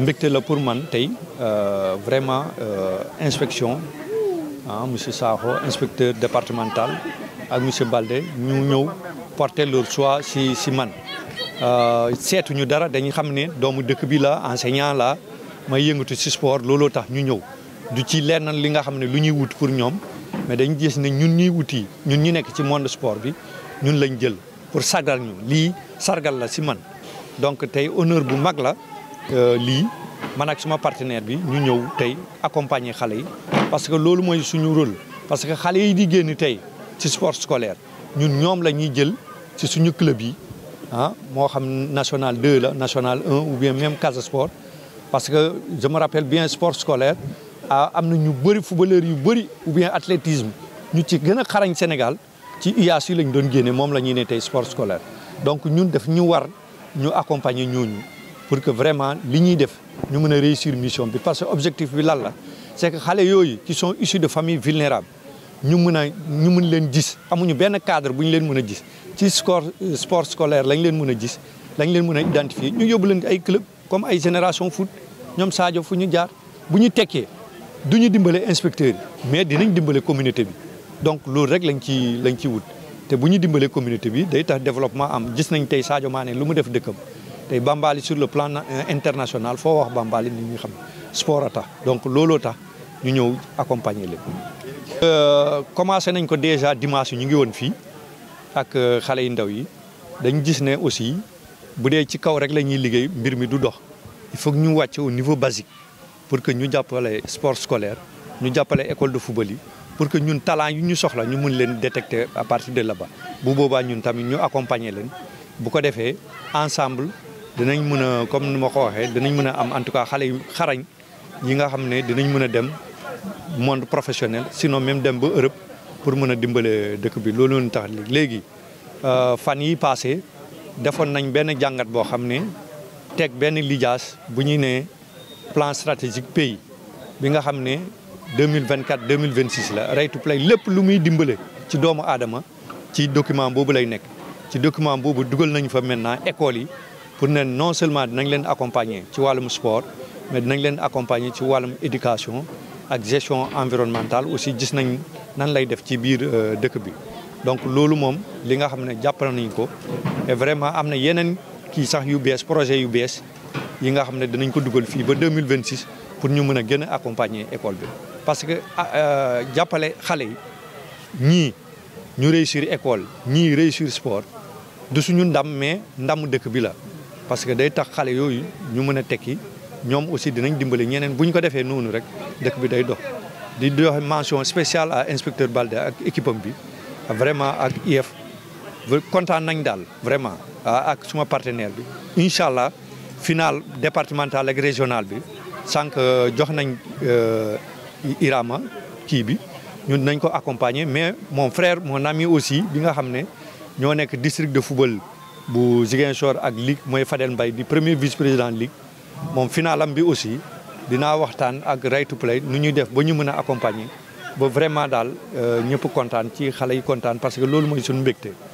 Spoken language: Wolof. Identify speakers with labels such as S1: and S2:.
S1: mbégte la pour man tey euh, vraiment euh, inspection ah monsieur Sakho inspecteur départemental ak monsieur Balde ñu ñëw porter leur choix si si man euh, seetuñu dara dañu xam ne doomu dëkk bi la enseignant la may yëngatu si sport looloo tax ñu ñëw du ci lenn li nga xam ne lu ñuy wut pour ñoom mais dañu gis ne ñun ñuy wuti ñun ñu nekk ci monde sport bi ñun lañ jël pour sargal ñu lii sargal la si man donc tey honneur bu mag la Euh, li man ak suma partenaire bi ñu ñëw tay accompagner xalé yi parce que lolu moy suñu rôle parce que xalé yi di génn tay ci sport scolaire ñun ñom la ñuy jël ci suñu club yi hein ah, mo xam national 2 la national 1 ou bien même Casa Sport parce que je me rappelle bien sport scolaire ah am ñu bëri footballeur yu bëri ou bien athlétisme ñu ci gëna xarañ Sénégal ci IAS yi lañ doon génné mom la ñuy ne sport scolaire donc ñun daf ñu war ñu accompagner ñooñu pour que vraiment li ñuy def ñu réussir mission bi parce que objectif bi la c'est que les yooyu qui sont issus de familles vulnérables ñu mën nous ñu mën leen gis amuñu benn cadre nous les leen mën a gis ci sport euh, sport scolaire lañ leen mën a gis lañ leen mën identifier ñu y leen ay club comme ay génération foot Nous Sadio fu ñu jaar bu ñu tekkee du ñu dimbale inspecteurs yi mais dinañ dimbale communauté bi donc le rek lañ ci lañ ci wut te communauté bi day tax développement am gis nañ tey Sadio Mané def tey Bambali sur le plan euh, international fo wax Bambali ni ñu xam sport donc lolo-ta, ñu ñew accompagner euh commencé nañ ko déjà dimanche ñu ngi woon fi ak euh, xalé yi ndaw yi dañu gis né aussi bu dé ci kaw rek lañuy liggéey mbir mi du dox il faut que ñu wàcc au niveau basique pour que ñu jappalé sport scolaire ñu les école de football yi pour que ñun talent yu ñu soxla ñu mun leen détecter à partir de là-bas bu boba ñun tamit ñu accompagner leen bu ko défé ensemble. dinañ mën a comme ni ma ko waxee dinañ mën a am en tout cas xale xarañ yi nga xam dinañ mën dem monde professionnel sinon même dem ba Europe pour mën a dimbale dëkk bi loolu lañ tax léegi euh, fan yi passé defoon nañ benn jàngat boo xam ne teg benn bu ñuy ne plan stratégique pays bi nga xam 2024 2026 la right to play lépp lu muy dimbale ci doomu aadama ci document boobu lay nekk ci document boobu dugal nañ fa maintenant école yi pour ne non seulement dinañ leen accompagner ci wàllum sport mais dinañ leen accompagner ci wàllum éducation ak gestion environnementale aussi gis nañ nan lay def ci biir euh, dëkk bi. donc loolu moom li nga xam ne jàppale nañ ko et vraiment am na yeneen kii sax yu bees projet yu bees yi nga xam ne dinañ ko dugal fii ba 2026 pour ñu mën a gën a accompagner école bi. parce que ah, euh, jàppale xale yi ñii ñu réussir école ñii réussir sport du suñu ndam mais ndamu dëkk bi la. parce que day tax xale yooyu ñu mën a tekki ñoom aussi dinañ dimbali ñeneen bu ñu ko defee noonu rek dëkk bi day dox. di dox mention spéciale à inspecteur Baldé ak équipe am bi vraiment ak IEF kontaan nañ daal vraiment ak suma partenaire bi incha allah final départemental ak régional bi sànq euh, jox nañ euh, Irama kii bi ñun nañ ko accompagner mais mon frère mon ami aussi bi nga xam ne ñoo nekk district de football bu Ziguinchor ak ligue mooy Fadel Mbaye di premier vice president ligue moom finalam bi aussi dinaa waxtaan ak right to play nu ñuy def ba ñu mën a accompagner ba vraiment daal euh, ñëpp kontaan ci xale yi kontaan parce que loolu mooy suñu mbégte.